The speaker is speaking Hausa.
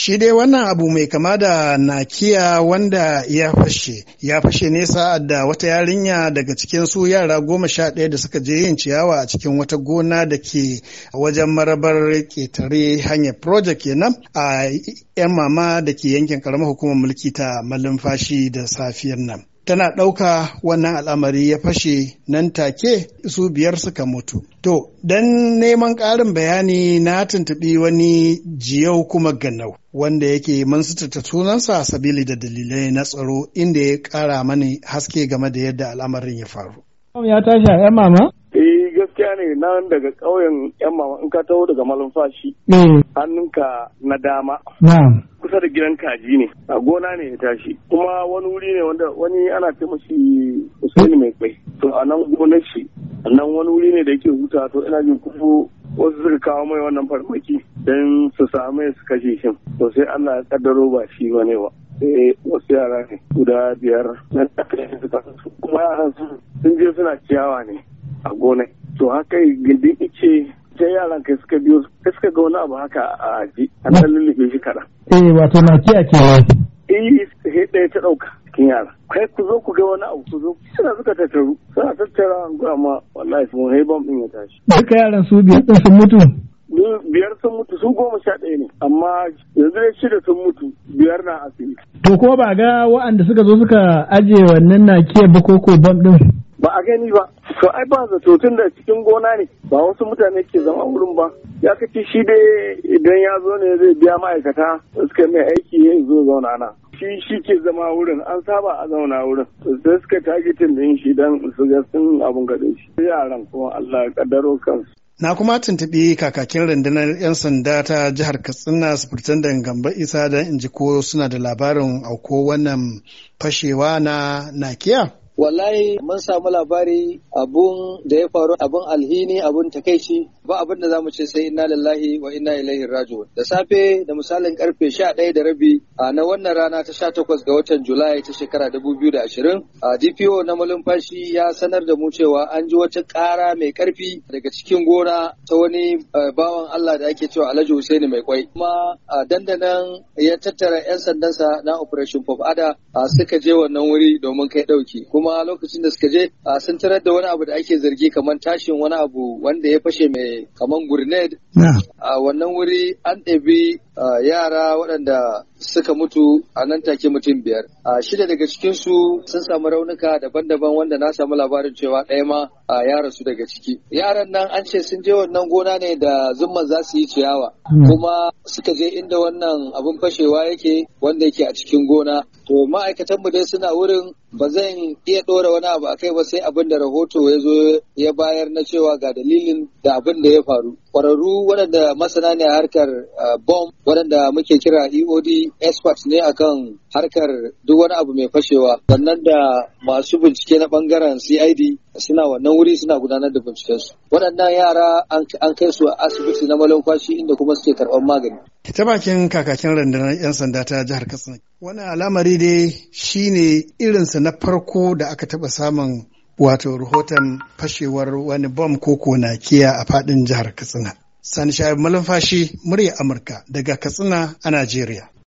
Shi dai wannan abu mai kama da nakiya wanda ya fashe, ya fashe ne sa'ad da wata yarinya daga cikin su yara goma sha ɗaya da suka je yin ciyawa a cikin wata gona da ke wajen marabar ƙetare hanyar project kenan a 'yan mama da ke yankin karamar hukumar mulki ta malumfashi da safiyar nan. tana ɗauka wannan al'amari ya fashe nan take su biyar suka mutu. To, don neman ƙarin bayani na tuntuɓi wani jiyau kuma ganau wanda yake sutata sunansa sabili da dalilai na tsaro inda ya ƙara mani haske game da yadda al'amarin ya faru. Ya tashi a 'yan mama? Eh gaskiya ne nan daga ƙauyen 'yan mama in ka taho daga malumfashi eh. hannunka na dama. Na'am. kusa da gidan kaji ne a gona ne ya tashi kuma wani wuri ne wanda wani ana ce mashi Usaini mai kwai to a nan gonar shi nan wani wuri ne da yake huta to ina jin kufu wasu suka kawo mai wannan farmaki don su samu su kashe shi to sai Allah ya kaddaro ba shi ba ne ba sai wasu yara ne guda biyar na kuma yaran sun je suna ciyawa ne a gona to haka gindin ice sai yaran kai suka biyo suka ga wani abu haka a ji an lullube shi kaɗan eh wato na kiya ke eh sai ɗaya ta ɗauka cikin yara kai ku zo ku ga wani abu ku zo suna suka tattaru suna tattara an gura ma wallahi sun haibam ɗin ya tashi duka yaran su biyar ɗin sun mutu biyar sun mutu su goma sha ɗaya ne amma yanzu dai shida sun mutu biyar na asibiti. To ko ba ga wa'anda suka zo suka ajiye wannan na kiyar ba koko bam ɗin ba a gani ba to ai ba zato tun da cikin gona ne ba wasu mutane ke zama wurin ba ya kaci shi dai idan ya zo ne zai biya ma'aikata suka mai aiki ya zo zauna na shi shi ke zama wurin an saba a zauna wurin sai suka targetin din shi dan su ga sun abun gadin shi yaran kuma Allah ya kaddaro kansu Na kuma tuntuɓi kakakin rundunar 'yan sanda ta jihar Katsina da Gamba Isa don in ji ko suna da labarin auko wannan fashewa na Nakiya. wallahi mun samu labari abun da ya faru abun alhini abun takaici ba abin da zamu ce sai inna lillahi wa inna ilaihi raji'un da safe da misalin karfe 11 da rabi na wannan rana ta 18 ga watan Julai ta shekara 2020 a DPO na malumfashi ya sanar da mu cewa an ji wata kara mai karfi daga cikin gona ta wani bawan Allah da ake cewa Alhaji Hussaini mai kwai kuma dandanan ya tattara 'yan sandansa na Operation Pop Ada suka je wannan wuri domin kai ɗauki kuma kuma lokacin da suka je sun tarar da wani abu da ake zargi kamar tashin wani abu wanda ya fashe mai kamar gurned a wannan wuri an ɗabi yara waɗanda suka mutu a nan take mutum biyar. A shida daga cikinsu sun samu raunuka daban-daban wanda na samu labarin cewa ɗaya ma a yaran su daga ciki. Yaran nan an ce sun je wannan gona ne da zumman za su yi ciyawa hmm. kuma suka je inda wannan abin fashewa yake wanda yake a cikin gona. To ma'aikatanmu dai suna wurin ba zan iya ɗora wani abu a kai ba sai abin da rahoto ya zo ya bayar na cewa ga dalilin da abin da ya faru. kwararru waɗanda masana ne a harkar bom waɗanda muke kira EOD experts ne akan harkar duk wani abu mai fashewa sannan da masu bincike na ɓangaren CID suna wannan wuri suna gudanar da bincikensu waɗannan yara an kai su a asibiti na malumfashi inda kuma suke karɓar magani. ta bakin kakakin rundunar 'yan sanda ta jihar katsina wani alamari dai shine irinsa na farko da aka taɓa samun wato rahoton fashewar wani bom ko kiya a faɗin jihar Katsina. Sani malam Malumfashi, murya Amurka daga Katsina a Najeriya.